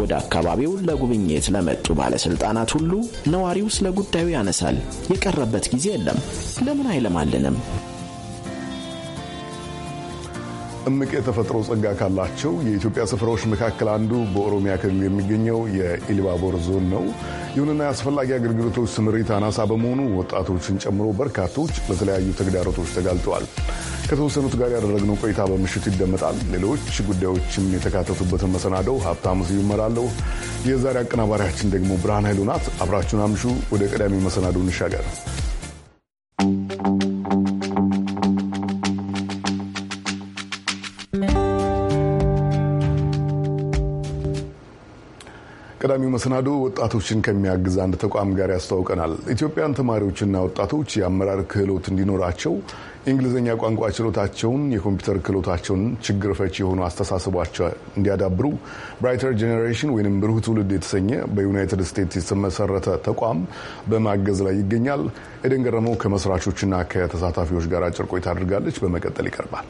ወደ አካባቢው ለጉብኝት ለመጡ ባለስልጣናት ሁሉ ነዋሪው ስለ ጉዳዩ ያነሳል። የቀረበት ጊዜ የለም። ለምን አይለማልንም? እምቅ የተፈጥሮ ጸጋ ካላቸው የኢትዮጵያ ስፍራዎች መካከል አንዱ በኦሮሚያ ክልል የሚገኘው የኢልባቦር ዞን ነው። ይሁንና የአስፈላጊ አገልግሎቶች ስምሪት አናሳ በመሆኑ ወጣቶችን ጨምሮ በርካቶች ለተለያዩ ተግዳሮቶች ተጋልጠዋል። ከተወሰኑት ጋር ያደረግነው ቆይታ በምሽቱ ይደመጣል። ሌሎች ጉዳዮችም የተካተቱበትን መሰናደው ሀብታሙ ስዩም እመራለሁ። የዛሬ አቀናባሪያችን ደግሞ ብርሃን ኃይሉ ናት። አብራችሁን አምሹ። ወደ ቀዳሚ መሰናዶ እንሻገር። በቀዳሚው መሰናዶ ወጣቶችን ከሚያግዝ አንድ ተቋም ጋር ያስተዋውቀናል። ኢትዮጵያን ተማሪዎችና ወጣቶች የአመራር ክህሎት እንዲኖራቸው የእንግሊዝኛ ቋንቋ ችሎታቸውን፣ የኮምፒውተር ክህሎታቸውን፣ ችግር ፈቺ የሆኑ አስተሳሰቧቸው እንዲያዳብሩ ብራይተር ጄኔሬሽን ወይም ብሩህ ትውልድ የተሰኘ በዩናይትድ ስቴትስ የተመሰረተ ተቋም በማገዝ ላይ ይገኛል። ኤደን ገረመው ከመስራቾችና ከተሳታፊዎች ጋር አጭር ቆይታ አድርጋለች። በመቀጠል ይቀርባል።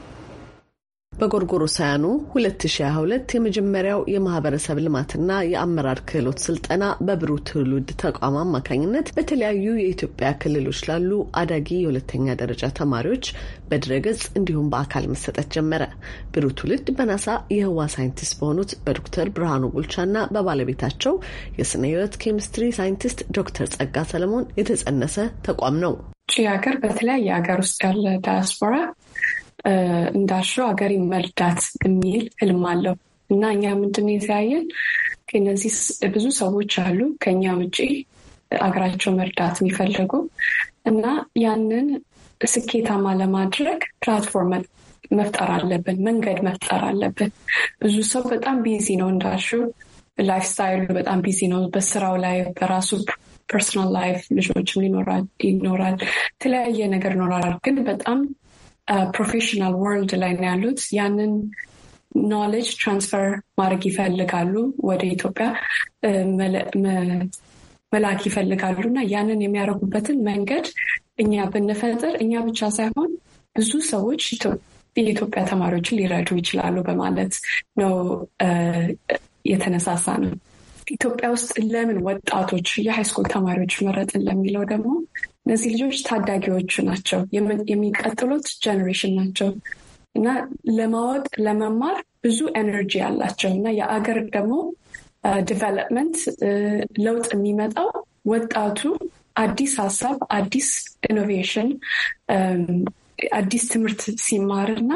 ሳያኑ 2022 የመጀመሪያው የማህበረሰብ ልማትና የአመራር ክህሎት ስልጠና በብሩህ ትውልድ ተቋም አማካኝነት በተለያዩ የኢትዮጵያ ክልሎች ላሉ አዳጊ የሁለተኛ ደረጃ ተማሪዎች በድረገጽ እንዲሁም በአካል መሰጠት ጀመረ። ብሩህ ትውልድ በናሳ የህዋ ሳይንቲስት በሆኑት በዶክተር ብርሃኑ ቡልቻና በባለቤታቸው የስነ ህይወት ኬሚስትሪ ሳይንቲስት ዶክተር ጸጋ ሰለሞን የተጸነሰ ተቋም ነው። ሀገር በተለያየ ሀገር ውስጥ ያለ ዳያስፖራ እንዳልሽው ሀገር መርዳት የሚል ህልም አለው እና እኛ ምንድን የተያየን ከነዚህ ብዙ ሰዎች አሉ ከኛ ውጭ አገራቸው መርዳት የሚፈልጉ እና ያንን ስኬታማ ለማድረግ ፕላትፎርም መፍጠር አለብን፣ መንገድ መፍጠር አለብን። ብዙ ሰው በጣም ቢዚ ነው እንዳሹ ላይፍ ስታይሉ በጣም ቢዚ ነው በስራው ላይ በራሱ ፐርሰናል ላይፍ ልጆችም ይኖራል፣ የተለያየ ነገር ይኖራል። ግን በጣም ፕሮፌሽናል ወርልድ ላይ ነው ያሉት። ያንን ኖሌጅ ትራንስፈር ማድረግ ይፈልጋሉ ወደ ኢትዮጵያ መላክ ይፈልጋሉ እና ያንን የሚያደርጉበትን መንገድ እኛ ብንፈጥር እኛ ብቻ ሳይሆን ብዙ ሰዎች የኢትዮጵያ ተማሪዎችን ሊረዱ ይችላሉ በማለት ነው የተነሳሳ ነው። ኢትዮጵያ ውስጥ ለምን ወጣቶች የሃይስኩል ተማሪዎች መረጥን ለሚለው ደግሞ እነዚህ ልጆች ታዳጊዎቹ ናቸው፣ የሚቀጥሉት ጀኔሬሽን ናቸው እና ለማወቅ ለመማር ብዙ ኤነርጂ አላቸው እና የአገር ደግሞ ዲቨሎፕመንት ለውጥ የሚመጣው ወጣቱ አዲስ ሀሳብ፣ አዲስ ኢኖቬሽን፣ አዲስ ትምህርት ሲማር እና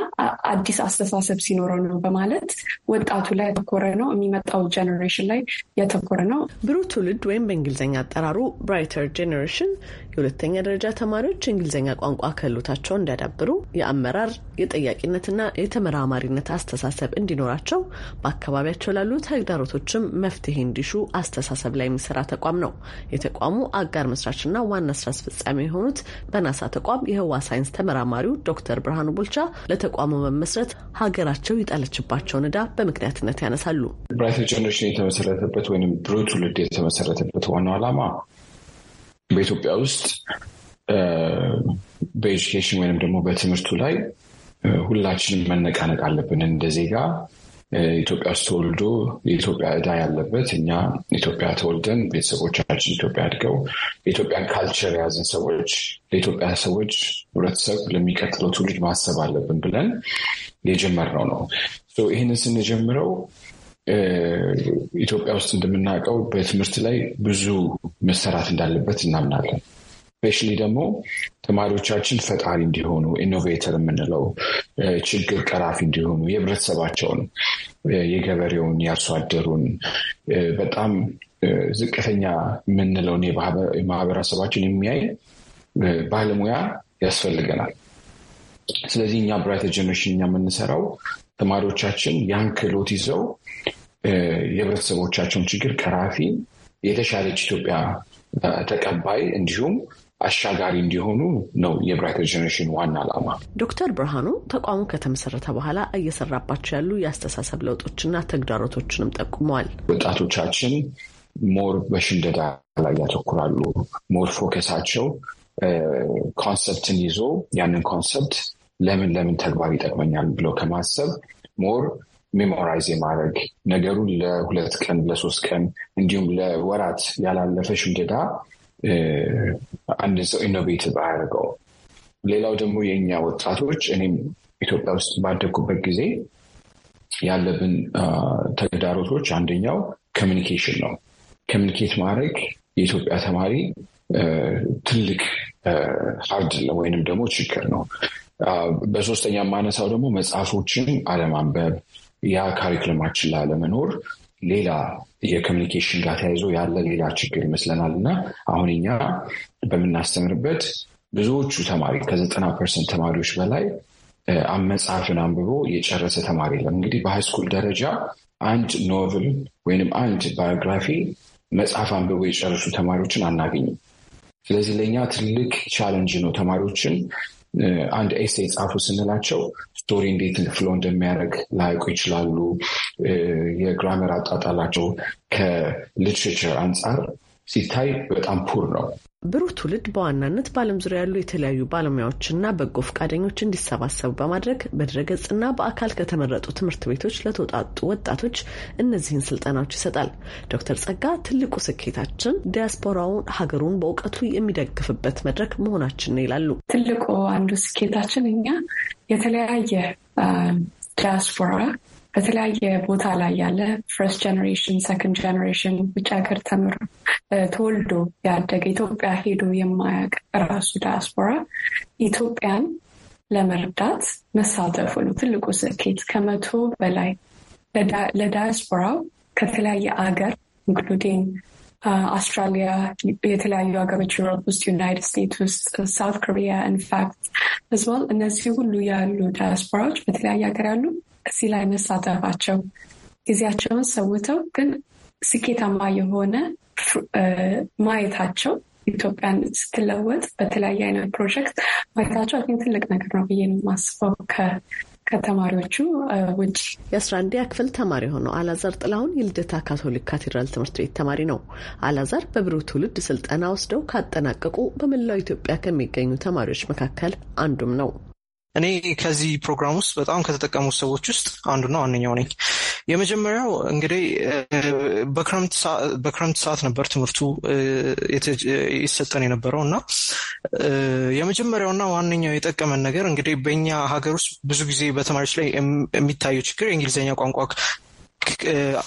አዲስ አስተሳሰብ ሲኖረው ነው በማለት ወጣቱ ላይ ያተኮረ ነው። የሚመጣው ጀኔሬሽን ላይ ያተኮረ ነው። ብሩህ ትውልድ ወይም በእንግሊዝኛ አጠራሩ ብራይተር ጀኔሬሽን የሁለተኛ ደረጃ ተማሪዎች እንግሊዝኛ ቋንቋ ክህሎታቸውን እንዲያዳብሩ የአመራር የጠያቂነትና የተመራማሪነት አስተሳሰብ እንዲኖራቸው በአካባቢያቸው ላሉ ተግዳሮቶችም መፍትሄ እንዲሹ አስተሳሰብ ላይ የሚሰራ ተቋም ነው። የተቋሙ አጋር መስራችና ዋና ስራ አስፈጻሚ የሆኑት በናሳ ተቋም የህዋ ሳይንስ ተመራማሪው ዶክተር ብርሃኑ ቦልቻ ለተቋሙ መመስረት ሀገራቸው የጣለችባቸውን እዳ በምክንያትነት ያነሳሉ። ብራይት ጀነሬሽን የተመሰረተበት ወይም ብሩህ ትውልድ የተመሰረተበት ዋናው ዓላማ በኢትዮጵያ ውስጥ በኤጁኬሽን ወይም ደግሞ በትምህርቱ ላይ ሁላችንም መነቃነቅ አለብን። እንደ ዜጋ ኢትዮጵያ ውስጥ ተወልዶ የኢትዮጵያ እዳ ያለበት እኛ ኢትዮጵያ ተወልደን ቤተሰቦቻችን ኢትዮጵያ አድገው የኢትዮጵያን ካልቸር የያዝን ሰዎች ለኢትዮጵያ ሰዎች ህብረተሰብ ለሚቀጥለው ትውልድ ማሰብ አለብን ብለን የጀመርነው ነው። ይህንን ስንጀምረው ኢትዮጵያ ውስጥ እንደምናውቀው በትምህርት ላይ ብዙ መሰራት እንዳለበት እናምናለን። ስፔሻሊ ደግሞ ተማሪዎቻችን ፈጣሪ እንዲሆኑ ኢኖቬተር የምንለው ችግር ቀራፊ እንዲሆኑ የህብረተሰባቸውን፣ የገበሬውን፣ የአርሶ አደሩን በጣም ዝቅተኛ የምንለውን የማህበረሰባችን የሚያይ ባለሙያ ያስፈልገናል። ስለዚህ እኛ ብራይተር ጀኔሬሽን እኛ የምንሰራው ተማሪዎቻችን ያን ክህሎት ይዘው የህብረተሰቦቻቸውን ችግር ቀራፊ የተሻለች ኢትዮጵያ ተቀባይ እንዲሁም አሻጋሪ እንዲሆኑ ነው የብራይተር ጀኔሬሽን ዋና ዓላማ። ዶክተር ብርሃኑ ተቋሙ ከተመሰረተ በኋላ እየሰራባቸው ያሉ የአስተሳሰብ ለውጦችና ተግዳሮቶችንም ጠቁመዋል። ወጣቶቻችን ሞር በሽንደዳ ላይ ያተኩራሉ። ሞር ፎከሳቸው ኮንሰፕትን ይዞ ያንን ኮንሰፕት ለምን ለምን ተግባር ይጠቅመኛል ብለው ከማሰብ ሞር ሜሞራይዝ የማድረግ ነገሩን ለሁለት ቀን ለሶስት ቀን እንዲሁም ለወራት ያላለፈ ሽምደዳ አንድ ሰው ኢኖቬቲቭ አያደርገው። ሌላው ደግሞ የእኛ ወጣቶች እኔም ኢትዮጵያ ውስጥ ባደጉበት ጊዜ ያለብን ተግዳሮቶች አንደኛው ኮሚኒኬሽን ነው። ኮሚኒኬት ማድረግ የኢትዮጵያ ተማሪ ትልቅ ሀርድ ወይንም ደግሞ ችግር ነው። በሶስተኛ የማነሳው ደግሞ መጽሐፎችን አለማንበብ ያ ካሪክለማችን ላለመኖር ሌላ የኮሚኒኬሽን ጋር ተያይዞ ያለ ሌላ ችግር ይመስለናል እና አሁን እኛ በምናስተምርበት ብዙዎቹ ተማሪ ከዘጠና ፐርሰንት ተማሪዎች በላይ መጽሐፍን አንብቦ የጨረሰ ተማሪ የለም። እንግዲህ በሃይስኩል ደረጃ አንድ ኖቭል ወይንም አንድ ባዮግራፊ መጽሐፍ አንብቦ የጨረሱ ተማሪዎችን አናገኝም። ስለዚህ ለእኛ ትልቅ ቻለንጅ ነው ተማሪዎችን አንድ ኤሴ ጻፉ ስንላቸው ስቶሪ እንዴት ፍሎ እንደሚያደርግ ላያውቁ ይችላሉ። የግራመር አጣጣላቸው ከሊትሬቸር አንጻር ሲታይ በጣም ፑር ነው። ብሩህ ትውልድ በዋናነት በዓለም ዙሪያ ያሉ የተለያዩ ባለሙያዎችና በጎ ፈቃደኞች እንዲሰባሰቡ በማድረግ በድረገጽና በአካል ከተመረጡ ትምህርት ቤቶች ለተውጣጡ ወጣቶች እነዚህን ስልጠናዎች ይሰጣል። ዶክተር ጸጋ ትልቁ ስኬታችን ዲያስፖራውን ሀገሩን በእውቀቱ የሚደግፍበት መድረክ መሆናችን ነው ይላሉ። ትልቁ አንዱ ስኬታችን እኛ የተለያየ ዲያስፖራ በተለያየ ቦታ ላይ ያለ ፈርስት ጀኔሬሽን ሰከንድ ጀኔሬሽን ውጭ ሀገር ተምሮ ተወልዶ ያደገ ኢትዮጵያ ሄዶ የማያውቅ ራሱ ዳያስፖራ ኢትዮጵያን ለመርዳት መሳተፉ ነው ትልቁ ስኬት። ከመቶ በላይ ለዳያስፖራው ከተለያየ አገር ኢንክሉዲንግ አውስትራሊያ፣ የተለያዩ ሀገሮች ዩሮፕ ውስጥ፣ ዩናይትድ ስቴትስ ውስጥ፣ ሳውት ኮሪያ ኢንፋክት እነዚህ ሁሉ ያሉ ዳያስፖራዎች በተለያየ ሀገር ያሉ እዚህ ላይ መሳተፋቸው ጊዜያቸውን ሰውተው ግን ስኬታማ የሆነ ማየታቸው ኢትዮጵያን ስትለወጥ በተለያየ አይነት ፕሮጀክት ማየታቸው አን ትልቅ ነገር ነው ብዬ ነው የማስበው። ከተማሪዎቹ ውጭ የአስራ አንደኛ ክፍል ተማሪ የሆነው አላዛር ጥላሁን የልደታ ካቶሊክ ካቴድራል ትምህርት ቤት ተማሪ ነው። አላዛር በብሩህ ትውልድ ስልጠና ወስደው ካጠናቀቁ በመላው ኢትዮጵያ ከሚገኙ ተማሪዎች መካከል አንዱም ነው። እኔ ከዚህ ፕሮግራም ውስጥ በጣም ከተጠቀሙ ሰዎች ውስጥ አንዱና ዋነኛው ነኝ። የመጀመሪያው እንግዲህ በክረምት ሰዓት ነበር ትምህርቱ ይሰጠን የነበረው እና የመጀመሪያውና ዋነኛው የጠቀመን ነገር እንግዲህ በእኛ ሀገር ውስጥ ብዙ ጊዜ በተማሪዎች ላይ የሚታየው ችግር የእንግሊዝኛ ቋንቋ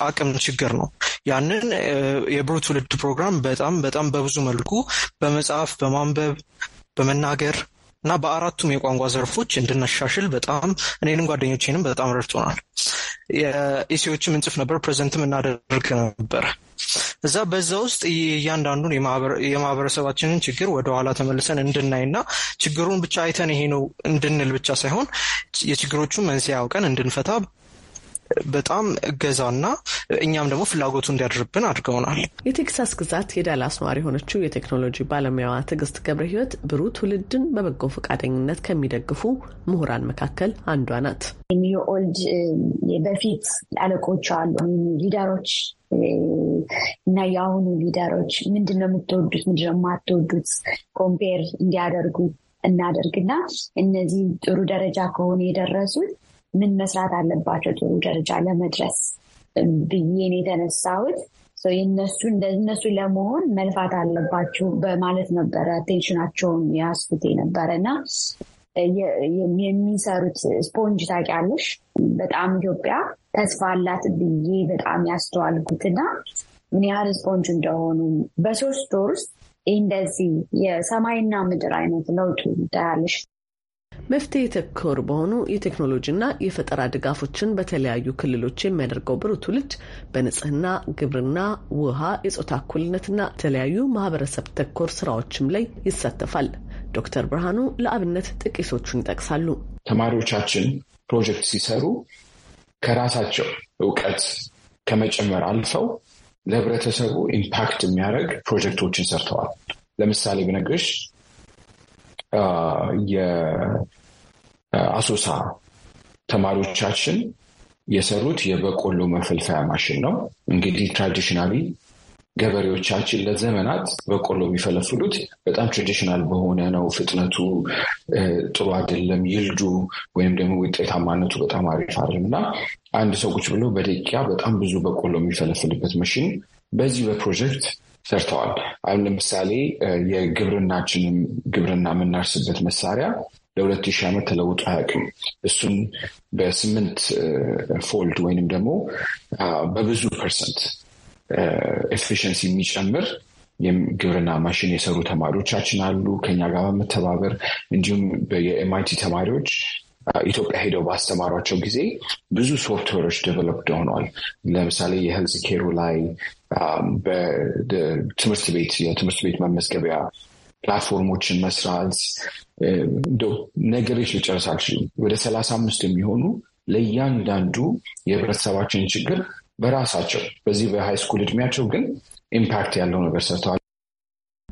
አቅም ችግር ነው። ያንን የብሩህ ትውልድ ፕሮግራም በጣም በጣም በብዙ መልኩ በመጽሐፍ፣ በማንበብ፣ በመናገር እና በአራቱም የቋንቋ ዘርፎች እንድናሻሽል በጣም እኔንም ጓደኞቼንም በጣም ረድቶናል። የኢሲዎችም እንጽፍ ነበር፣ ፕሬዘንትም እናደርግ ነበር። እዛ በዛ ውስጥ እያንዳንዱን የማህበረሰባችንን ችግር ወደኋላ ተመልሰን እንድናይና ችግሩን ብቻ አይተን ይሄ ነው እንድንል ብቻ ሳይሆን የችግሮቹን መንስኤ አውቀን እንድንፈታ በጣም እገዛና እኛም ደግሞ ፍላጎቱ እንዲያድርብን አድርገውናል። የቴክሳስ ግዛት የዳላስ ነዋሪ የሆነችው የቴክኖሎጂ ባለሙያዋ ትዕግስት ገብረ ህይወት ብሩ ትውልድን በበጎ ፈቃደኝነት ከሚደግፉ ምሁራን መካከል አንዷ ናት። የኦልድ በፊት አለቆች አሉ ሊደሮች እና የአሁኑ ሊደሮች ምንድነው የምትወዱት፣ ምንድነው የማትወዱት ኮምፔር እንዲያደርጉ እናደርግና እነዚህ ጥሩ ደረጃ ከሆኑ የደረሱት ምን መስራት አለባቸው ጥሩ ደረጃ ለመድረስ ብዬን የተነሳሁት እነሱ ለመሆን መልፋት አለባቸው በማለት ነበረ አቴንሽናቸውን ያስፉቴ ነበረ እና የሚሰሩት ስፖንጅ ታውቂያለሽ፣ በጣም ኢትዮጵያ ተስፋ አላት ብዬ በጣም ያስተዋልኩት ያስተዋልኩትና ምን ያህል ስፖንጅ እንደሆኑ በሶስት ወር ውስጥ እንደዚህ የሰማይና ምድር አይነት ለውጡ ታያለሽ መፍትሄ ተኮር በሆኑ የቴክኖሎጂና የፈጠራ ድጋፎችን በተለያዩ ክልሎች የሚያደርገው ብሩህ ትውልድ በንጽህና፣ ግብርና፣ ውሃ፣ የጾታ እኩልነትና የተለያዩ ማህበረሰብ ተኮር ስራዎችም ላይ ይሳተፋል። ዶክተር ብርሃኑ ለአብነት ጥቂቶቹን ይጠቅሳሉ። ተማሪዎቻችን ፕሮጀክት ሲሰሩ ከራሳቸው እውቀት ከመጨመር አልፈው ለህብረተሰቡ ኢምፓክት የሚያደርግ ፕሮጀክቶችን ሰርተዋል። ለምሳሌ ብነግርሽ የአሶሳ ተማሪዎቻችን የሰሩት የበቆሎ መፈልፈያ ማሽን ነው። እንግዲህ ትራዲሽናሊ ገበሬዎቻችን ለዘመናት በቆሎ የሚፈለፍሉት በጣም ትራዲሽናል በሆነ ነው። ፍጥነቱ ጥሩ አይደለም፣ ይልዱ ወይም ደግሞ ውጤታማነቱ በጣም አሪፍ አይደለም እና አንድ ሰው ቁጭ ብሎ በደቂቃ በጣም ብዙ በቆሎ የሚፈለፍልበት መሽን በዚህ በፕሮጀክት ሰርተዋል። አሁን ለምሳሌ የግብርናችን ግብርና የምናርስበት መሳሪያ ለሁለት ሺህ ዓመት ተለውጦ አያውቅም። እሱን በስምንት ፎልድ ወይንም ደግሞ በብዙ ፐርሰንት ኤፊሽንሲ የሚጨምር የግብርና ማሽን የሰሩ ተማሪዎቻችን አሉ ከኛ ጋር በመተባበር እንዲሁም የኤምአይቲ ተማሪዎች ኢትዮጵያ ሄደው ባስተማሯቸው ጊዜ ብዙ ሶፍትዌሮች ዴቨሎፕ ሆነዋል። ለምሳሌ የሄልዝ ኬሩ ላይ Um, ትምህርት ቤት የትምህርት ቤት መመዝገቢያ ፕላትፎርሞችን መስራት um, እንደው ነገሮች ልጨርስ አልችልም። ወደ ሰላሳ አምስት የሚሆኑ ለእያንዳንዱ የህብረተሰባችን ችግር በራሳቸው በዚህ በሃይስኩል እድሜያቸው ግን ኢምፓክት ያለው ነገር ሰርተዋል።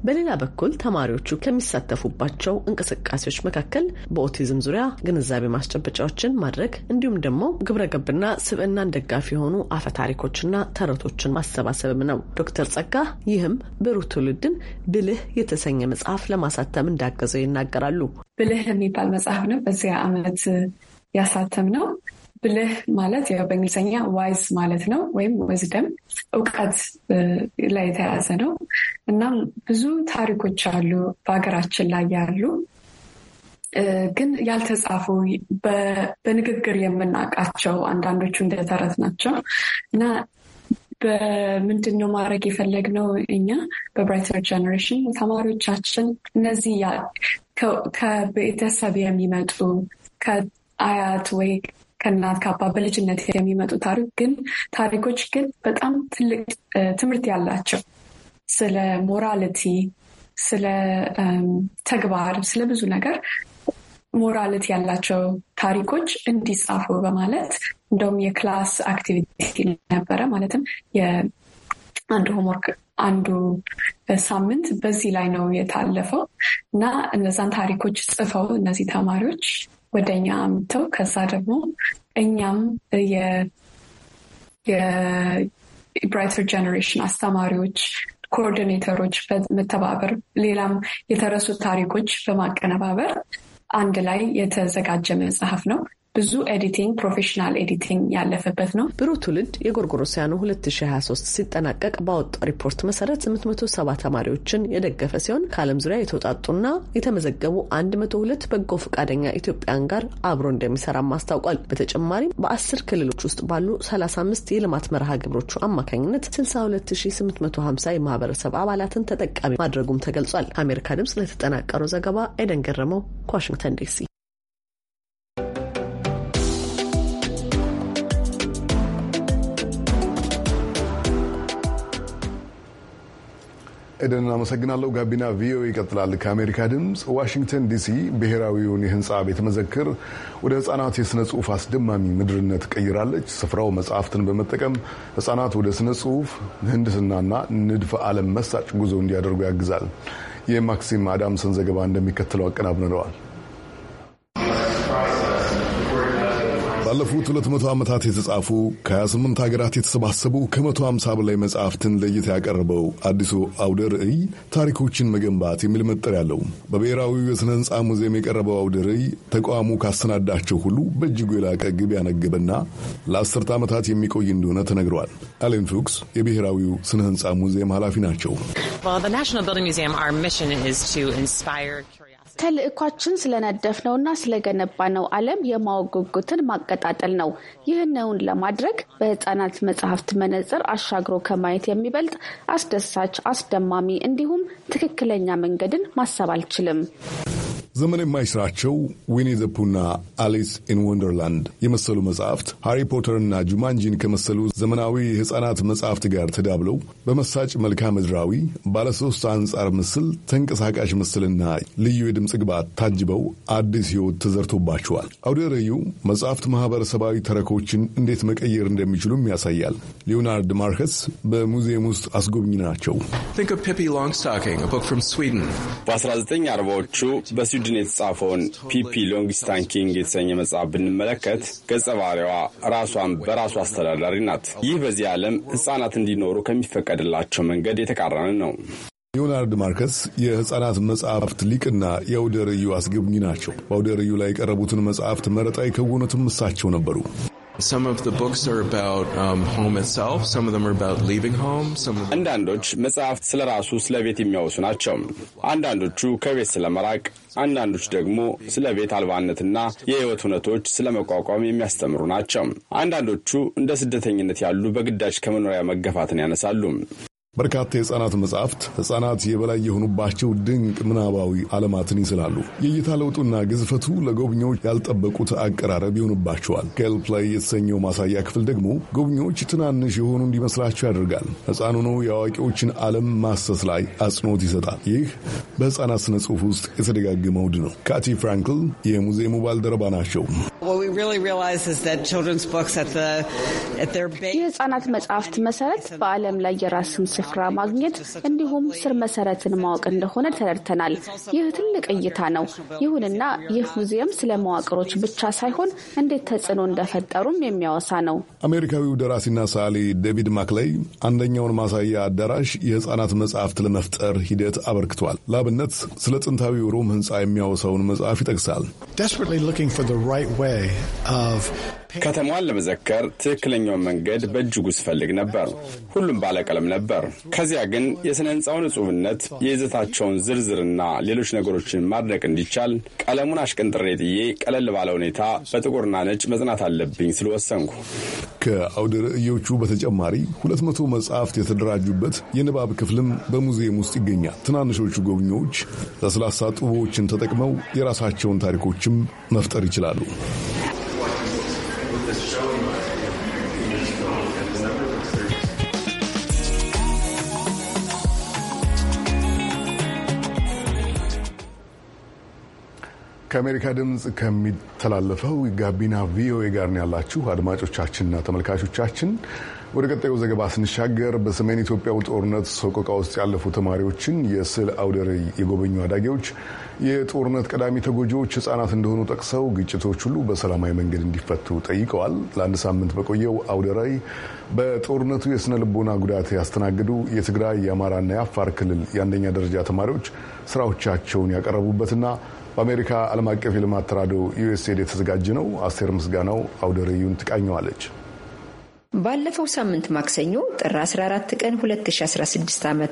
በሌላ በኩል ተማሪዎቹ ከሚሳተፉባቸው እንቅስቃሴዎች መካከል በኦቲዝም ዙሪያ ግንዛቤ ማስጨበጫዎችን ማድረግ እንዲሁም ደግሞ ግብረገብና ስብዕናን ደጋፊ የሆኑ አፈታሪኮችና ተረቶችን ማሰባሰብም ነው። ዶክተር ጸጋ ይህም ብሩህ ትውልድን ብልህ የተሰኘ መጽሐፍ ለማሳተም እንዳገዘው ይናገራሉ። ብልህ የሚባል መጽሐፍ ነው በዚያ ዓመት ያሳተም ነው። ብልህ ማለት ያው በእንግሊዝኛ ዋይዝ ማለት ነው፣ ወይም ወዝደም እውቀት ላይ የተያዘ ነው እና ብዙ ታሪኮች አሉ በሀገራችን ላይ ያሉ ግን ያልተጻፉ በንግግር የምናውቃቸው አንዳንዶቹ እንደተረት ናቸው እና በምንድን ነው ማድረግ የፈለግነው እኛ በብራይተር ጀኔሬሽን ተማሪዎቻችን እነዚህ ከቤተሰብ የሚመጡ ከአያት ወይ ከእናት ከአባ በልጅነት የሚመጡ ታሪክ ግን ታሪኮች ግን በጣም ትልቅ ትምህርት ያላቸው ስለ ሞራልቲ፣ ስለ ተግባር፣ ስለ ብዙ ነገር ሞራልቲ ያላቸው ታሪኮች እንዲጻፉ በማለት እንደውም የክላስ አክቲቪቲ ነበረ። ማለትም የአንዱ ሆምወርክ አንዱ ሳምንት በዚህ ላይ ነው የታለፈው እና እነዛን ታሪኮች ጽፈው እነዚህ ተማሪዎች ወደ እኛ አምተው ከዛ ደግሞ እኛም የብራይተር ጀኔሬሽን አስተማሪዎች፣ ኮኦርዲኔተሮች በመተባበር ሌላም የተረሱ ታሪኮች በማቀነባበር አንድ ላይ የተዘጋጀ መጽሐፍ ነው። ብዙ ኤዲቲንግ ፕሮፌሽናል ኤዲቲንግ ያለፈበት ነው። ብሩህ ትውልድ የጎርጎሮሲያኑ 2023 ሲጠናቀቅ ባወጣው ሪፖርት መሰረት 870 ተማሪዎችን የደገፈ ሲሆን ከዓለም ዙሪያ የተውጣጡና የተመዘገቡ 102 በጎ ፈቃደኛ ኢትዮጵያን ጋር አብሮ እንደሚሰራም አስታውቋል። በተጨማሪም በአስር ክልሎች ውስጥ ባሉ 35 የልማት መርሃ ግብሮቹ አማካኝነት 62850 የማህበረሰብ አባላትን ተጠቃሚ ማድረጉም ተገልጿል። ከአሜሪካ ድምጽ ለተጠናቀረው ዘገባ ኤደን ገረመው ከዋሽንግተን ዲሲ ኤደን አመሰግናለሁ። ጋቢና ቪኦኤ ይቀጥላል። ከአሜሪካ ድምፅ ዋሽንግተን ዲሲ ብሔራዊውን የህንፃ ቤተ መዘክር ወደ ህጻናት የሥነ ጽሁፍ አስደማሚ ምድርነት ቀይራለች። ስፍራው መጽሐፍትን በመጠቀም ህጻናት ወደ ስነ ጽሁፍ ህንድስናና ንድፈ ዓለም መሳጭ ጉዞ እንዲያደርጉ ያግዛል። የማክሲም አዳምሰን ዘገባ እንደሚከተለው አቀናብነነዋል። ባለፉት 200 ዓመታት የተጻፉ ከ28 ሀገራት የተሰባሰቡ ከ150 በላይ መጽሐፍትን ለእይታ ያቀረበው አዲሱ አውደ ርዕይ ታሪኮችን መገንባት የሚል መጠሪያ አለው። በብሔራዊ የሥነ ሕንፃ ሙዚየም የቀረበው አውደ ርዕይ ተቋሙ ካሰናዳቸው ሁሉ በእጅጉ የላቀ ግብ ያነገበና ለአስርተ ዓመታት የሚቆይ እንደሆነ ተነግሯል። አሌን ፉክስ የብሔራዊው ስነ ሕንፃ ሙዚየም ኃላፊ ናቸው። ተልእኳችን ስለነደፍነውና ስለገነባነው ዓለም የማወቅ ጉጉትን ማቀጣጠል ነው። ይህንውን ለማድረግ በህፃናት መጽሐፍት መነጽር አሻግሮ ከማየት የሚበልጥ አስደሳች፣ አስደማሚ እንዲሁም ትክክለኛ መንገድን ማሰብ አልችልም። ዘመን የማይሽራቸው ዊኒ ዘ ፑና፣ አሊስ ኢን ወንደርላንድ የመሰሉ መጽሕፍት ሃሪ ፖተርና ጁማንጂን ከመሰሉ ዘመናዊ የሕፃናት መጽሕፍት ጋር ተዳብለው በመሳጭ መልክዓ ምድራዊ ባለሶስት አንጻር ምስል፣ ተንቀሳቃሽ ምስልና ልዩ የድምፅ ግባት ታጅበው አዲስ ሕይወት ተዘርቶባቸዋል። አውደ ርዕዩ ማህበረሰባዊ ተረኮችን እንዴት መቀየር እንደሚችሉም ያሳያል። ሊዮናርድ ማርከስ በሙዚየም ውስጥ አስጎብኝ ናቸው። በ1940ዎቹ በስዊድን ቡድን የተጻፈውን ፒፒ ሎንግስታን ኪንግ የተሰኘ መጽሐፍ ብንመለከት ገጸ ባህሪዋ ራሷን በራሷ አስተዳዳሪ ናት። ይህ በዚህ ዓለም ሕፃናት እንዲኖሩ ከሚፈቀድላቸው መንገድ የተቃረነ ነው። ሊዮናርድ ማርከስ የሕፃናት መጽሐፍት ሊቅና የአውደ ርዕዩ ናቸው። በአውደ ርዕዩ ላይ የቀረቡትን መጽሐፍት መረጣ የከወኑትም እሳቸው ነበሩ። Um, አንዳንዶች መጽሐፍት ስለ ራሱ ስለ ቤት የሚያወሱ ናቸው። አንዳንዶቹ ከቤት ስለ መራቅ፣ አንዳንዶች ደግሞ ስለ ቤት አልባነትና የህይወት እውነቶች ስለ መቋቋም የሚያስተምሩ ናቸው። አንዳንዶቹ እንደ ስደተኝነት ያሉ በግዳጅ ከመኖሪያ መገፋትን ያነሳሉ። በርካታ የሕፃናት መጽሐፍት ሕፃናት የበላይ የሆኑባቸው ድንቅ ምናባዊ ዓለማትን ይስላሉ። የእይታ ለውጡና ግዝፈቱ ለጎብኚዎች ያልጠበቁት አቀራረብ ይሆንባቸዋል። ስኬል ፕላይ የተሰኘው ማሳያ ክፍል ደግሞ ጎብኚዎች ትናንሽ የሆኑ እንዲመስላቸው ያደርጋል። ህፃኑ ነው የአዋቂዎችን ዓለም ማሰስ ላይ አጽንኦት ይሰጣል። ይህ በሕፃናት ስነ ጽሑፍ ውስጥ የተደጋገመ ውድ ነው። ካቲ ፍራንክል የሙዚየሙ ባልደረባ ናቸው። የሕፃናት መጽሐፍት መሰረት በዓለም ላይ የራስን ስፍራ ማግኘት እንዲሁም ስር መሰረትን ማወቅ እንደሆነ ተረድተናል። ይህ ትልቅ እይታ ነው። ይሁንና ይህ ሙዚየም ስለ መዋቅሮች ብቻ ሳይሆን እንዴት ተጽዕኖ እንደፈጠሩም የሚያወሳ ነው። አሜሪካዊው ደራሲና ሰዓሊ ዴቪድ ማክላይ አንደኛውን ማሳያ አዳራሽ የህፃናት መጽሐፍት ለመፍጠር ሂደት አበርክቷል። ለአብነት ስለ ጥንታዊ ሮም ህንፃ የሚያወሳውን መጽሐፍ ይጠቅሳል። ከተማዋን ለመዘከር ትክክለኛውን መንገድ በእጅጉ ስፈልግ ነበር። ሁሉም ባለቀለም ነበር። ከዚያ ግን የሥነ ሕንፃውን እጹብነት፣ የይዘታቸውን ዝርዝርና ሌሎች ነገሮችን ማድረቅ እንዲቻል ቀለሙን አሽቀንጥሬ ጥዬ ቀለል ባለ ሁኔታ በጥቁርና ነጭ መጽናት አለብኝ ስል ወሰንኩ። ከአውደ ርዕዮቹ በተጨማሪ ሁለት መቶ መጽሐፍት የተደራጁበት የንባብ ክፍልም በሙዚየም ውስጥ ይገኛል። ትናንሾቹ ጎብኚዎች ለስላሳ ጡቦችን ተጠቅመው የራሳቸውን ታሪኮችም መፍጠር ይችላሉ። ከአሜሪካ ድምፅ ከሚተላለፈው ጋቢና ቪኦኤ ጋር ነው ያላችሁ አድማጮቻችንና ተመልካቾቻችን። ወደ ቀጣዩ ዘገባ ስንሻገር በሰሜን ኢትዮጵያው ጦርነት ሰቆቃ ውስጥ ያለፉ ተማሪዎችን የስዕል አውደር የጎበኙ አዳጊዎች የጦርነት ቀዳሚ ተጎጂዎች ሕጻናት እንደሆኑ ጠቅሰው ግጭቶች ሁሉ በሰላማዊ መንገድ እንዲፈቱ ጠይቀዋል። ለአንድ ሳምንት በቆየው አውደ በጦርነቱ የስነ ልቦና ጉዳት ያስተናግዱ የትግራይ የአማራና የአፋር ክልል የአንደኛ ደረጃ ተማሪዎች ስራዎቻቸውን ያቀረቡበትና በአሜሪካ ዓለም አቀፍ የልማት ተራድኦ ዩኤስኤድ የተዘጋጀ ነው። አስቴር ምስጋናው አውደ ርዕዩን ትቃኘዋለች። ባለፈው ሳምንት ማክሰኞ ጥር 14 ቀን 2016 ዓ ም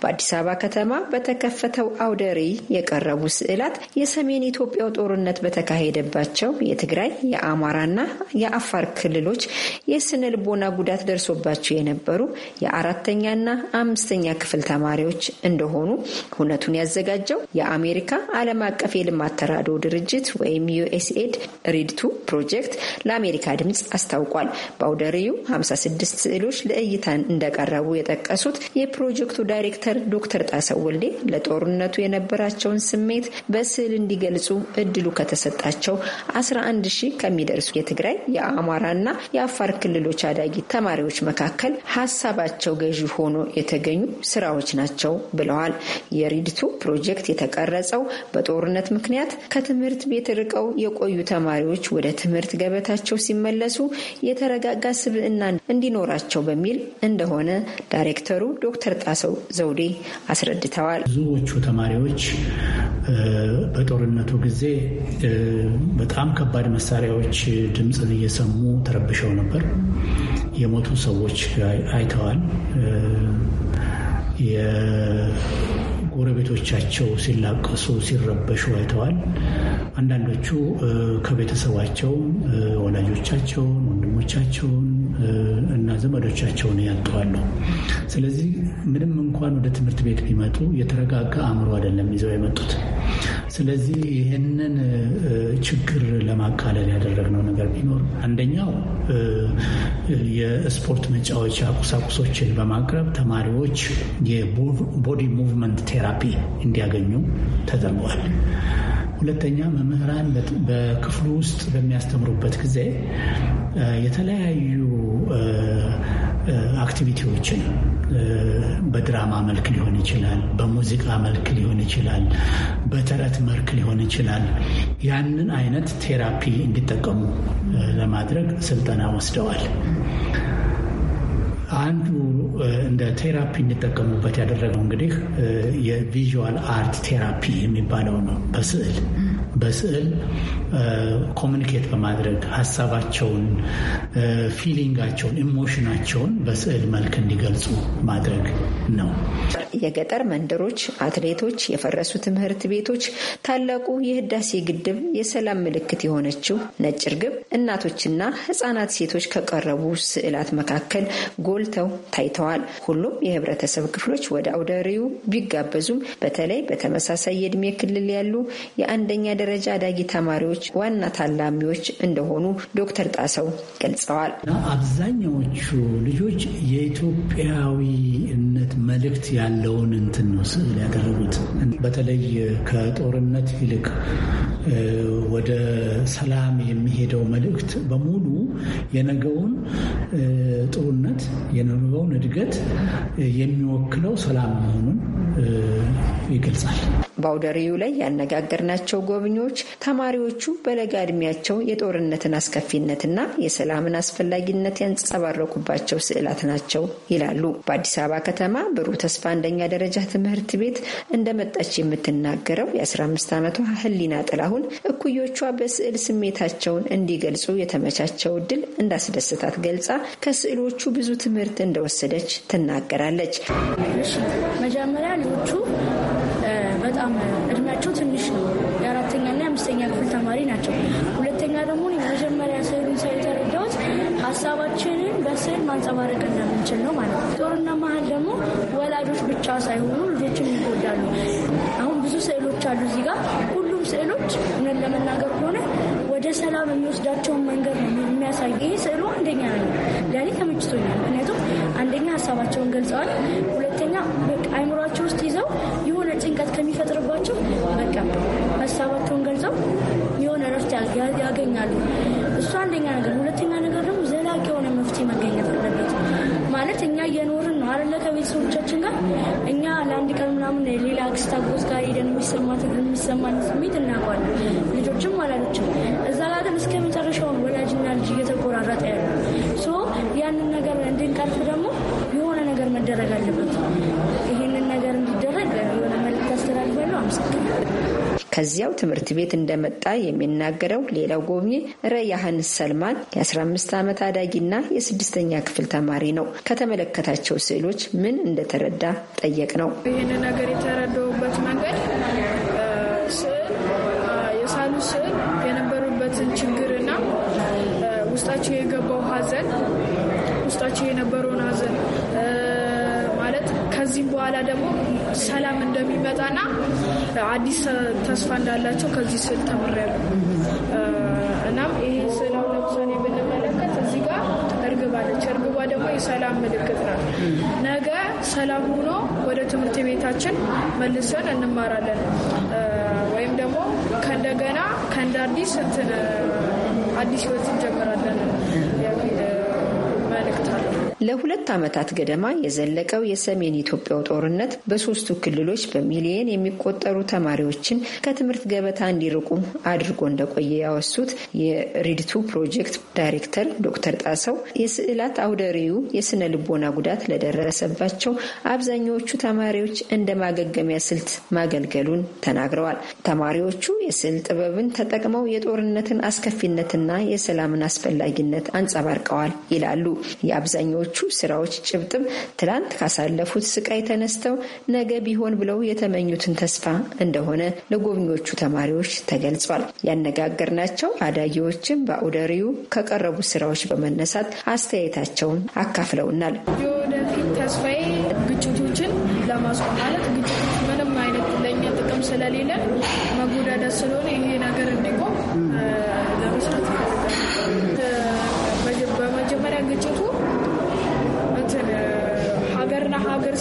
በአዲስ አበባ ከተማ በተከፈተው አውደ ርዕይ የቀረቡ ስዕላት የሰሜን ኢትዮጵያው ጦርነት በተካሄደባቸው የትግራይ፣ የአማራና የአፋር ክልሎች የስነ ልቦና ጉዳት ደርሶባቸው የነበሩ የአራተኛና አምስተኛ ክፍል ተማሪዎች እንደሆኑ ሁነቱን ያዘጋጀው የአሜሪካ ዓለም አቀፍ የልማት ተራድኦ ድርጅት ወይም ዩኤስኤድ ሪድቱ ፕሮጀክት ለአሜሪካ ድምፅ አስታውቋል። በአውደ ርዕዩ በተለያዩ 56 ስዕሎች ለእይታን እንደቀረቡ የጠቀሱት የፕሮጀክቱ ዳይሬክተር ዶክተር ጣሰው ወልዴ ለጦርነቱ የነበራቸውን ስሜት በስዕል እንዲገልጹ እድሉ ከተሰጣቸው 11 ሺህ ከሚደርሱ የትግራይ የአማራና የአፋር ክልሎች አዳጊ ተማሪዎች መካከል ሀሳባቸው ገዢ ሆኖ የተገኙ ስራዎች ናቸው ብለዋል። የሪድቱ ፕሮጀክት የተቀረጸው በጦርነት ምክንያት ከትምህርት ቤት ርቀው የቆዩ ተማሪዎች ወደ ትምህርት ገበታቸው ሲመለሱ የተረጋጋ ስብ ስብዕና እንዲኖራቸው በሚል እንደሆነ ዳይሬክተሩ ዶክተር ጣሰው ዘውዴ አስረድተዋል። ብዙዎቹ ተማሪዎች በጦርነቱ ጊዜ በጣም ከባድ መሳሪያዎች ድምፅን እየሰሙ ተረብሸው ነበር። የሞቱ ሰዎች አይተዋል። ጎረቤቶቻቸው ሲላቀሱ ሲረበሹ አይተዋል። አንዳንዶቹ ከቤተሰባቸው ወላጆቻቸውን፣ ወንድሞቻቸውን እና ዘመዶቻቸውን ያጡዋሉ። ስለዚህ ምንም እንኳን ወደ ትምህርት ቤት ቢመጡ የተረጋጋ አእምሮ አይደለም ይዘው የመጡት። ስለዚህ ይህንን ችግር ለማቃለል ያደረግነው ነገር ቢኖር አንደኛው የስፖርት መጫወቻ ቁሳቁሶችን በማቅረብ ተማሪዎች የቦዲ ሙቭመንት ቴራፒ እንዲያገኙ ተደርጓል። ሁለተኛ መምህራን በክፍሉ ውስጥ በሚያስተምሩበት ጊዜ የተለያዩ አክቲቪቲዎችን በድራማ መልክ ሊሆን ይችላል፣ በሙዚቃ መልክ ሊሆን ይችላል፣ በተረት መልክ ሊሆን ይችላል። ያንን አይነት ቴራፒ እንዲጠቀሙ ለማድረግ ስልጠና ወስደዋል። አንዱ እንደ ቴራፒ እንጠቀሙበት ያደረገው እንግዲህ የቪዥዋል አርት ቴራፒ የሚባለው ነው በስዕል በስዕል ኮሚኒኬት በማድረግ ሀሳባቸውን፣ ፊሊንጋቸውን፣ ኢሞሽናቸውን በስዕል መልክ እንዲገልጹ ማድረግ ነው። የገጠር መንደሮች፣ አትሌቶች፣ የፈረሱ ትምህርት ቤቶች፣ ታላቁ የህዳሴ ግድብ፣ የሰላም ምልክት የሆነችው ነጭ ርግብ፣ እናቶችና ህጻናት ሴቶች ከቀረቡ ስዕላት መካከል ጎልተው ታይተዋል። ሁሉም የህብረተሰብ ክፍሎች ወደ አውደ ርዕዩ ቢጋበዙም በተለይ በተመሳሳይ የእድሜ ክልል ያሉ የአንደኛ ደረጃ አዳጊ ተማሪዎች ዋና ታላሚዎች እንደሆኑ ዶክተር ጣሰው ገልጸዋል። አብዛኛዎቹ ልጆች የኢትዮጵያዊነት መልእክት ያለውን እንትን ነው ስዕል ያደረጉት። በተለይ ከጦርነት ይልቅ ወደ ሰላም የሚሄደው መልእክት በሙሉ የነገውን ጥሩነት፣ የነገውን እድገት የሚወክለው ሰላም መሆኑን ይገልጻል። ባውደሪው ላይ ያነጋገርናቸው ጎብኚዎች ተማሪዎቹ በለጋ እድሜያቸው የጦርነትን አስከፊነትና የሰላምን አስፈላጊነት ያንጸባረቁባቸው ስዕላት ናቸው ይላሉ። በአዲስ አበባ ከተማ ብሩህ ተስፋ አንደኛ ደረጃ ትምህርት ቤት እንደመጣች የምትናገረው የ15 ዓመቷ ህሊና ጥላሁን እኩዮቿ በስዕል ስሜታቸውን እንዲገልጹ የተመቻቸው እድል እንዳስደስታት ገልጻ ከስዕሎቹ ብዙ ትምህርት እንደወሰደች ትናገራለች። መጀመሪያ ልጆቹ በጣም እድሜያቸው ትንሽ ነው። የአራተኛና የአምስተኛ ክፍል ተማሪ ናቸው። ሁለተኛ ደግሞ የመጀመሪያ ስዕሉን ሳይ የተረዳሁት ሀሳባችንን በስዕል ማንጸባረቅ እንደምንችል ነው ማለት ነው። ጦርና መሀል ደግሞ ወላጆች ብቻ ሳይሆኑ ልጆችን ይጎዳሉ። አሁን ብዙ ስዕሎች አሉ እዚህ ጋር ሁሉም ስዕሎች እውነት ለመናገር ከሆነ ወደ ሰላም የሚወስዳቸውን መንገድ ነው የሚያሳይ። ይህ ስዕሉ አንደኛ ነው ለእኔ ተመችቶኛል። ምክንያቱም አንደኛ ሀሳባቸውን ገልጸዋል፣ ሁለተኛ አይምሯቸው ውስጥ ይዘው ይገኛሉ። እሱ አንደኛ ነገር። ሁለተኛ ነገር ደግሞ ዘላቂ የሆነ መፍትሄ መገኘት አለበት። ማለት እኛ እየኖርን ነው አለ ከቤተሰቦቻችን ጋር እኛ ለአንድ ቀን ምናምን ሌላ አክስት አጎት ጋር ሄደን የሚሰማን ስሜት እናውቀዋለን። ልጆችም አላሎችም እዛ ጋር ግን እስከ መጨረሻውን ወላጅና ልጅ እየተቆራረጠ ያለ ያንን ነገር እንድንቀርፍ ደግሞ የሆነ ነገር መደረግ አለበት። ከዚያው ትምህርት ቤት እንደመጣ የሚናገረው ሌላው ጎብኚ ረያህን ሰልማን የ15 ዓመት አዳጊና የስድስተኛ ክፍል ተማሪ ነው። ከተመለከታቸው ስዕሎች ምን እንደተረዳ ጠየቅ ነው። ይህን ነገር የተረዳውበት መንገድ ስዕል የሳሉ ስዕል የነበሩበትን ችግርና ውስጣቸው የገባው ሀዘን ውስጣቸው የነበረውን ሀዘን ማለት ከዚህም በኋላ ደግሞ ሰላም እንደሚመጣና አዲስ ተስፋ እንዳላቸው ከዚህ ስል ተምሬያለሁ። እናም ይሄ ስዕል አሁን ለምሳሌ እዚህ ጋር እርግብ አለች። እርግቧ ደግሞ የሰላም ምልክት ናት። ነገ ሰላም ሆኖ ወደ ትምህርት ቤታችን መልሰን እንማራለን ወይም ደግሞ ከእንደገና ከእንደ አዲስ እንትን አዲስ ህይወት እንጀምራለን። ለሁለት ዓመታት ገደማ የዘለቀው የሰሜን ኢትዮጵያው ጦርነት በሶስቱ ክልሎች በሚሊየን የሚቆጠሩ ተማሪዎችን ከትምህርት ገበታ እንዲርቁ አድርጎ እንደቆየ ያወሱት የሪድቱ ፕሮጀክት ዳይሬክተር ዶክተር ጣሰው የስዕላት አውደሪው የስነ ልቦና ጉዳት ለደረሰባቸው አብዛኛዎቹ ተማሪዎች እንደ ማገገሚያ ስልት ማገልገሉን ተናግረዋል። ተማሪዎቹ የስዕል ጥበብን ተጠቅመው የጦርነትን አስከፊነትና የሰላምን አስፈላጊነት አንጸባርቀዋል ይላሉ። የአብዛኛዎቹ የሌሎቹ ስራዎች ጭብጥም ትላንት ካሳለፉት ስቃይ ተነስተው ነገ ቢሆን ብለው የተመኙትን ተስፋ እንደሆነ ለጎብኚዎቹ ተማሪዎች ተገልጿል። ያነጋገርናቸው አዳጊዎችን በአውደ ርዕዩ ከቀረቡ ስራዎች በመነሳት አስተያየታቸውን አካፍለውናል። የወደፊት ተስፋዬ ግጭቶችን ለማስቆም ማለት ግጭቶች ምንም አይነት ለእኛ ጥቅም ስለሌለ መጎዳዳት ስለሆነ ይሄ ነገር እንዲቆም ለመስራት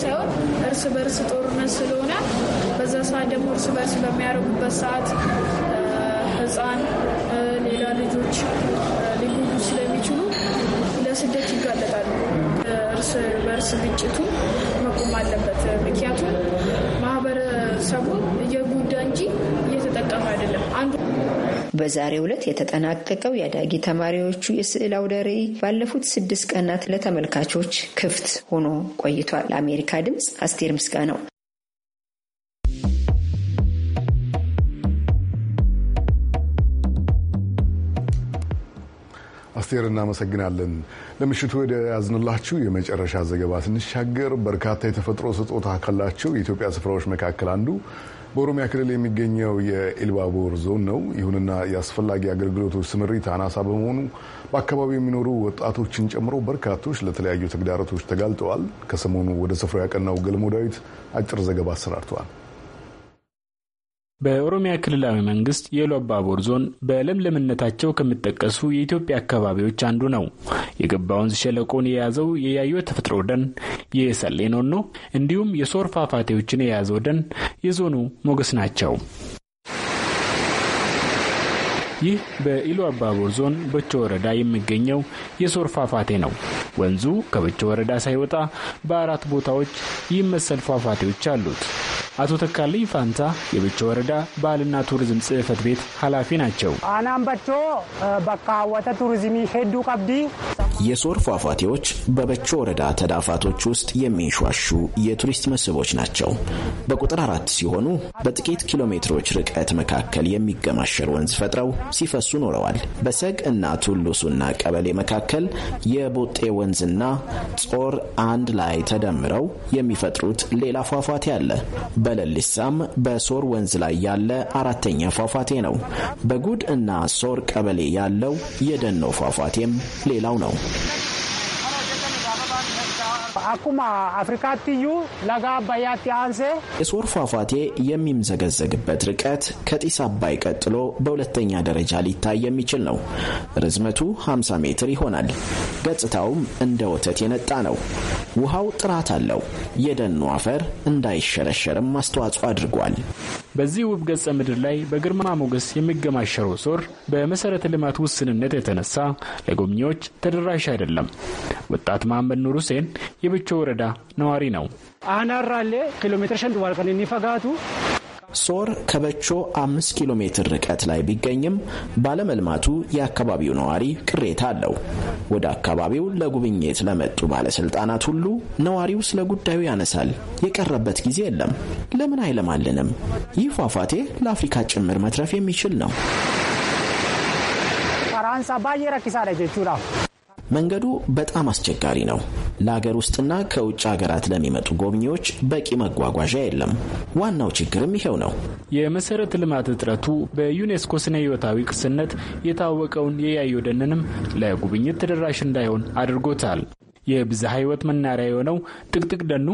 ሳይሆን እርስ በርስ ጦርነት ስለሆነ በዛ ሰዓት ደግሞ እርስ በርስ በሚያደርጉበት ሰዓት ህፃን ሌላ ልጆች ሊጉዱ ስለሚችሉ ለስደት ይጋለጣሉ። እርስ በርስ ግጭቱ መቆም አለበት። ምክንያቱም ማህበረሰቡን በዛሬው ዕለት የተጠናቀቀው የአዳጊ ተማሪዎቹ የስዕል አውደ ርዕይ ባለፉት ስድስት ቀናት ለተመልካቾች ክፍት ሆኖ ቆይቷል። ለአሜሪካ ድምፅ አስቴር ነው። አስቴር እናመሰግናለን። ለምሽቱ ወደ ያዝንላችሁ የመጨረሻ ዘገባ ስንሻገር በርካታ የተፈጥሮ ስጦታ ካላቸው የኢትዮጵያ ስፍራዎች መካከል አንዱ በኦሮሚያ ክልል የሚገኘው የኢሉባቡር ዞን ነው። ይሁንና የአስፈላጊ አገልግሎቶች ስምሪት አናሳ በመሆኑ በአካባቢው የሚኖሩ ወጣቶችን ጨምሮ በርካቶች ለተለያዩ ተግዳሮቶች ተጋልጠዋል። ከሰሞኑ ወደ ስፍራው ያቀናው ገልሞ ዳዊት አጭር ዘገባ አሰናድተዋል። በኦሮሚያ ክልላዊ መንግስት የኢሉ አባቦር ዞን በለምለምነታቸው ከሚጠቀሱ የኢትዮጵያ አካባቢዎች አንዱ ነው። የገባ ወንዝ ሸለቆን የያዘው የያዩ ተፈጥሮ ደን የሰሌኖኖ እንዲሁም የሶር ፏፏቴዎችን የያዘው ደን የዞኑ ሞገስ ናቸው። ይህ በኢሉ አባቦር ዞን በቾ ወረዳ የሚገኘው የሶር ፏፏቴ ነው። ወንዙ ከበቾ ወረዳ ሳይወጣ በአራት ቦታዎች ይህ መሰል ፏፏቴዎች አሉት። አቶ ተካልኝ ፋንታ የብቾ ወረዳ ባህልና ቱሪዝም ጽህፈት ቤት ኃላፊ ናቸው። አናምበቾ በካወተ ቱሪዝሚ ሄዱ ቀብዲ የሶር ፏፏቴዎች በበቾ ወረዳ ተዳፋቶች ውስጥ የሚንሿሹ የቱሪስት መስህቦች ናቸው። በቁጥር አራት ሲሆኑ በጥቂት ኪሎ ሜትሮች ርቀት መካከል የሚገማሸር ወንዝ ፈጥረው ሲፈሱ ኖረዋል። በሰግ እና ቱሉሱና ቀበሌ መካከል የቦጤ ወንዝና ጾር አንድ ላይ ተደምረው የሚፈጥሩት ሌላ ፏፏቴ አለ። በለሊሳም በሶር ወንዝ ላይ ያለ አራተኛ ፏፏቴ ነው። በጉድ እና ሶር ቀበሌ ያለው የደኖ ፏፏቴም ሌላው ነው። Thank you. አኩማ አፍሪካትዩ ለጋ አባያት አንሴ የሶር ፏፏቴ የሚምዘገዘግበት ርቀት ከጢስ አባይ ቀጥሎ በሁለተኛ ደረጃ ሊታይ የሚችል ነው። ርዝመቱ 50 ሜትር ይሆናል። ገጽታውም እንደ ወተት የነጣ ነው። ውሃው ጥራት አለው። የደኑ አፈር እንዳይሸረሸርም አስተዋጽኦ አድርጓል። በዚህ ውብ ገጸ ምድር ላይ በግርማ ሞገስ የሚገማሸረው ሶር በመሰረተ ልማት ውስንነት የተነሳ ለጎብኚዎች ተደራሽ አይደለም። ወጣት መሐመድ ኑር ሁሴን የወይቾ ወረዳ ነዋሪ ነው። አናራሌ ኪሎ ሜትር ሸንድ ዋልቀን ኒፈጋቱ ሶር ከበቾ አምስት ኪሎ ሜትር ርቀት ላይ ቢገኝም ባለመልማቱ የአካባቢው ነዋሪ ቅሬታ አለው። ወደ አካባቢው ለጉብኝት ለመጡ ባለስልጣናት ሁሉ ነዋሪው ስለ ጉዳዩ ያነሳል። የቀረበት ጊዜ የለም። ለምን አይለማልንም? ይህ ፏፏቴ ለአፍሪካ ጭምር መትረፍ የሚችል ነው። መንገዱ በጣም አስቸጋሪ ነው። ለአገር ውስጥና ከውጭ ሀገራት ለሚመጡ ጎብኚዎች በቂ መጓጓዣ የለም። ዋናው ችግርም ይሄው ነው። የመሰረተ ልማት እጥረቱ በዩኔስኮ ስነ ህይወታዊ ቅርስነት የታወቀውን የያዩ ደንንም ለጉብኝት ተደራሽ እንዳይሆን አድርጎታል። የብዝሃ ህይወት መናሪያ የሆነው ጥቅጥቅ ደኑ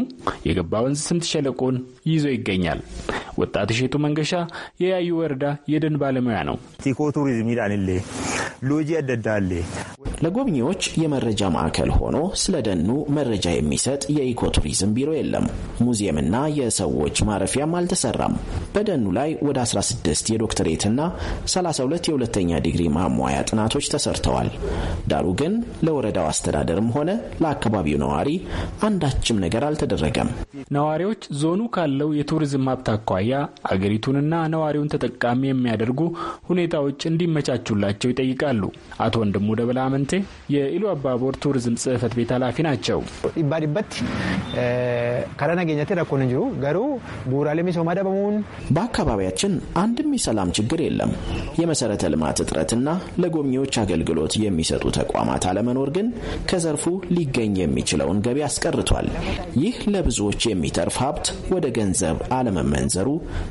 የገባ ወንዝ ስምጥ ሸለቆን ይዞ ይገኛል። ወጣት እሸቱ መንገሻ የያዩ ወረዳ የደን ባለሙያ ነው። ኢኮቱሪዝም ይዳንሌ ሎጂ አደዳሌ ለጎብኚዎች የመረጃ ማዕከል ሆኖ ስለ ደኑ መረጃ የሚሰጥ የኢኮ ቱሪዝም ቢሮ የለም። ሙዚየምና የሰዎች ማረፊያም አልተሰራም። በደኑ ላይ ወደ 16 የዶክተሬትና 32 የሁለተኛ ዲግሪ ማሟያ ጥናቶች ተሰርተዋል። ዳሩ ግን ለወረዳው አስተዳደርም ሆነ ለአካባቢው ነዋሪ አንዳችም ነገር አልተደረገም። ነዋሪዎች ዞኑ ካለው የቱሪዝም ሀብት አኳያ አገሪቱንና ነዋሪውን ተጠቃሚ የሚያደርጉ ሁኔታዎች እንዲመቻቹላቸው ይጠይቃሉ። አቶ ወንድሙ ደበላ ሳምንቴ የኢሉ አባቦር ቱሪዝም ጽህፈት ቤት ኃላፊ ናቸው። ባዲበት ከረናገኘት ረኮን እንጅሩ ገሩ ቡራሌ ሚሶማ በመሆን በአካባቢያችን አንድም የሰላም ችግር የለም። የመሰረተ ልማት እጥረትና ለጎብኚዎች አገልግሎት የሚሰጡ ተቋማት አለመኖር ግን ከዘርፉ ሊገኝ የሚችለውን ገቢ አስቀርቷል። ይህ ለብዙዎች የሚተርፍ ሀብት ወደ ገንዘብ አለመመንዘሩ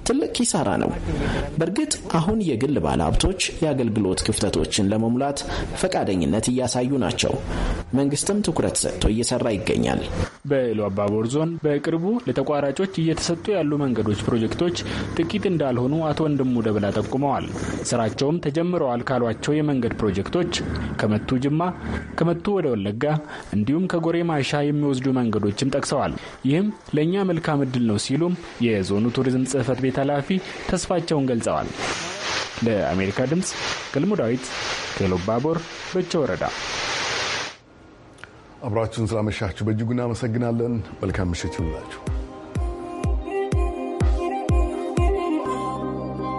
ትልቅ ኪሳራ ነው። በእርግጥ አሁን የግል ባለሀብቶች የአገልግሎት ክፍተቶችን ለመሙላት ፈቃደኝነት ብቃት እያሳዩ ናቸው። መንግስትም ትኩረት ሰጥቶ እየሰራ ይገኛል። በኢሉ አባቦር ዞን በቅርቡ ለተቋራጮች እየተሰጡ ያሉ መንገዶች ፕሮጀክቶች ጥቂት እንዳልሆኑ አቶ ወንድሙ ደብላ ጠቁመዋል። ስራቸውም ተጀምረዋል ካሏቸው የመንገድ ፕሮጀክቶች ከመቱ ጅማ፣ ከመቱ ወደ ወለጋ እንዲሁም ከጎሬ ማሻ የሚወስዱ መንገዶችን ጠቅሰዋል። ይህም ለእኛ መልካም እድል ነው ሲሉም የዞኑ ቱሪዝም ጽህፈት ቤት ኃላፊ ተስፋቸውን ገልጸዋል። ለአሜሪካ ድምፅ ገልሞ ዳዊት ቴሎ በቸወረ ወረዳ። አብራችሁን ስላመሻችሁ በእጅጉ እናመሰግናለን። መልካም ምሽት ይሁንላችሁ።